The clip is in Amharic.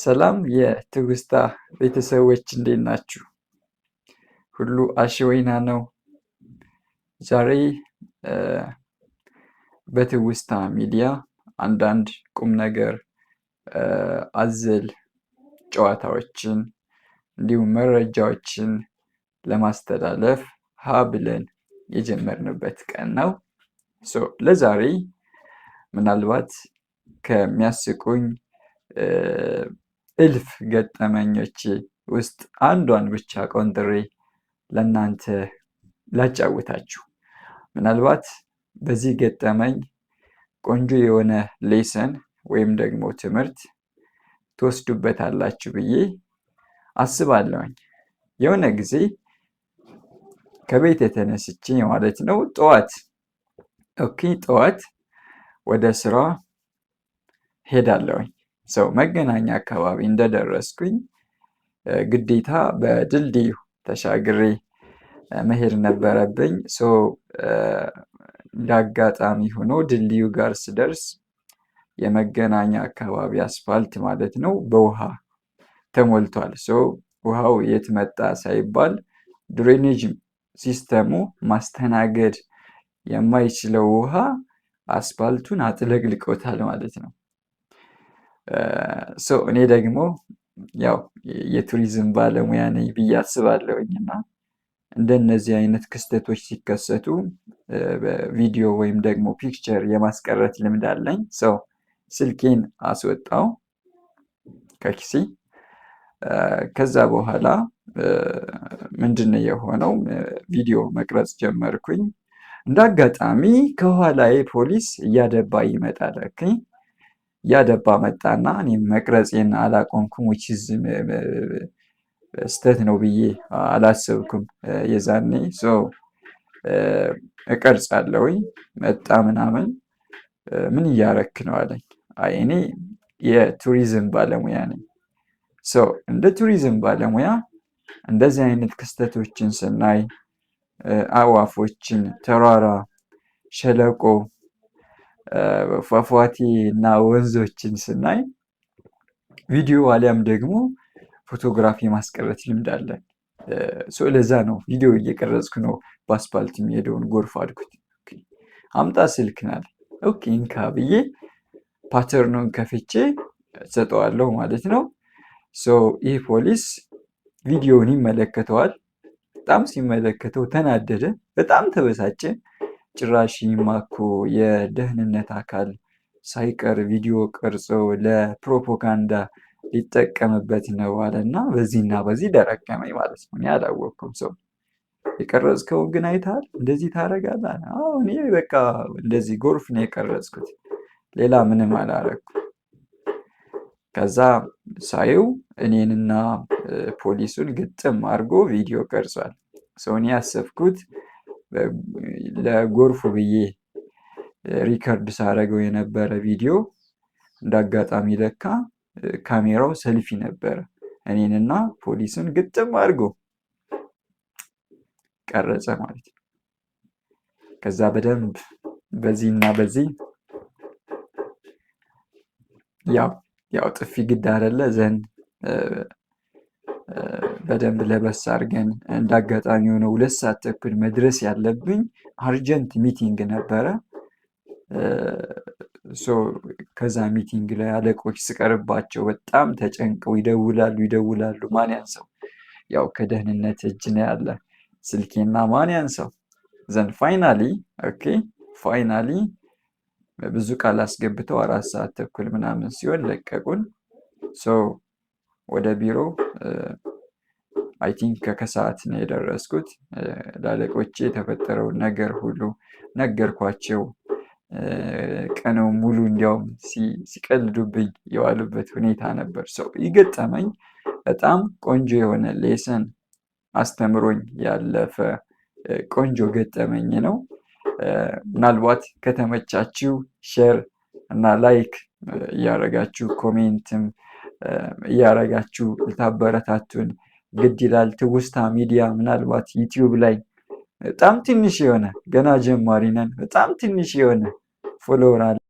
ሰላም የትውስታ ቤተሰቦች እንዴት ናችሁ? ሁሉ አሽወይና ነው። ዛሬ በትውስታ ሚዲያ አንዳንድ ቁም ነገር አዘል ጨዋታዎችን እንዲሁም መረጃዎችን ለማስተላለፍ ሀ ብለን የጀመርንበት ቀን ነው። ለዛሬ ምናልባት ከሚያስቁኝ እልፍ ገጠመኞች ውስጥ አንዷን ብቻ ቆንጥሬ ለእናንተ ላጫውታችሁ። ምናልባት በዚህ ገጠመኝ ቆንጆ የሆነ ሌሰን ወይም ደግሞ ትምህርት ትወስዱበታላችሁ ብዬ አስባለሁኝ። የሆነ ጊዜ ከቤት የተነስች ማለት ነው ጠዋት ኦኬ ጠዋት ወደ ስራ ሄዳለሁኝ። ሰው መገናኛ አካባቢ እንደደረስኩኝ ግዴታ በድልድዩ ተሻግሬ መሄድ ነበረብኝ። እንዳጋጣሚ ሆኖ ድልድዩ ጋር ስደርስ የመገናኛ አካባቢ አስፋልት ማለት ነው በውሃ ተሞልቷል። ውሃው የት መጣ ሳይባል ድሬኔጅ ሲስተሙ ማስተናገድ የማይችለው ውሃ አስፋልቱን አጥለቅልቆታል ማለት ነው። እኔ ደግሞ ያው የቱሪዝም ባለሙያ ነኝ ብዬ አስባለሁኝ እና እንደነዚህ አይነት ክስተቶች ሲከሰቱ ቪዲዮ ወይም ደግሞ ፒክቸር የማስቀረት ልምድ አለኝ። ሰው ስልኬን አስወጣው ከኪሲ። ከዛ በኋላ ምንድን ነው የሆነው? ቪዲዮ መቅረጽ ጀመርኩኝ። እንደ አጋጣሚ ከኋላዬ ፖሊስ እያደባ ይመጣል። እያደባ መጣና እኔም መቅረጼን አላቆምኩም። ዊችዝ ስተት ነው ብዬ አላሰብኩም። የዛኔ እቀርጽ አለውኝ መጣ ምናምን ምን እያረክ ነው አለኝ። አይ እኔ የቱሪዝም ባለሙያ ነኝ። እንደ ቱሪዝም ባለሙያ እንደዚህ አይነት ክስተቶችን ስናይ አዋፎችን፣ ተራራ፣ ሸለቆ ፏፏቴ እና ወንዞችን ስናይ ቪዲዮ አሊያም ደግሞ ፎቶግራፊ የማስቀረት ልምድ አለን። ለዛ ነው ቪዲዮ እየቀረጽኩ ነው በአስፓልት የሚሄደውን ጎርፍ አድኩት። አምጣ ስልክ ናል ኦኬ እንካ ብዬ ፓተርኑን ከፍቼ ሰጠዋለሁ ማለት ነው። ይህ ፖሊስ ቪዲዮውን ይመለከተዋል። በጣም ሲመለከተው ተናደደ፣ በጣም ተበሳጨ። ጭራሽ ማኮ የደህንነት አካል ሳይቀር ቪዲዮ ቀርጸው ለፕሮፓጋንዳ ሊጠቀምበት ነው አለና በዚህና በዚህ ደረገመኝ ማለት ነው። እኔ አላወቅኩም። ሰው የቀረጽከው ግን አይታል እንደዚህ ታደርጋለህ። እኔ በቃ እንደዚህ ጎርፍ ነው የቀረጽኩት፣ ሌላ ምንም አላረግኩ። ከዛ ሳየው እኔንና ፖሊሱን ግጥም አድርጎ ቪዲዮ ቀርጿል። ሰውን ያሰብኩት ለጎርፍ ብዬ ሪከርድ ሳደርገው የነበረ ቪዲዮ እንዳጋጣሚ አጋጣሚ ለካ ካሜራው ሰልፊ ነበረ። እኔንና ፖሊስን ግጥም አድርጎ ቀረጸ ማለት ነው። ከዛ በደንብ በዚህ እና በዚህ ያው ያው ጥፊ ግድ አይደለ ዘን በደንብ ለበስ አድርገን እንዳጋጣሚ የሆነ ሁለት ሰዓት ተኩል መድረስ ያለብኝ አርጀንት ሚቲንግ ነበረ። ከዛ ሚቲንግ ላይ አለቆች ስቀርባቸው በጣም ተጨንቀው ይደውላሉ ይደውላሉ። ማን ያንሰው? ያው ከደህንነት እጅ ነው ያለ ስልኬና ማን ያንሰው ዘን ፋይናሊ ኦኬ ፋይናሊ ብዙ ቃል አስገብተው አራት ሰዓት ተኩል ምናምን ሲሆን ለቀቁን ወደ ቢሮ አይ ቲንክ ነው የደረስኩት። ላለቆቼ የተፈጠረውን ነገር ሁሉ ነገርኳቸው። ቀነው ሙሉ እንዲያውም ሲቀልዱብኝ የዋሉበት ሁኔታ ነበር። ሰው ይገጠመኝ በጣም ቆንጆ የሆነ ሌሰን አስተምሮኝ ያለፈ ቆንጆ ገጠመኝ ነው። ምናልባት ከተመቻችሁ ሼር እና ላይክ እያረጋችሁ ኮሜንትም እያረጋችሁ ልታበረታቱን ግድ ይላል። ትውስታ ሚዲያ ምናልባት ዩቲዩብ ላይ በጣም ትንሽ የሆነ ገና ጀማሪ ነን፣ በጣም ትንሽ የሆነ ፎሎወር አለ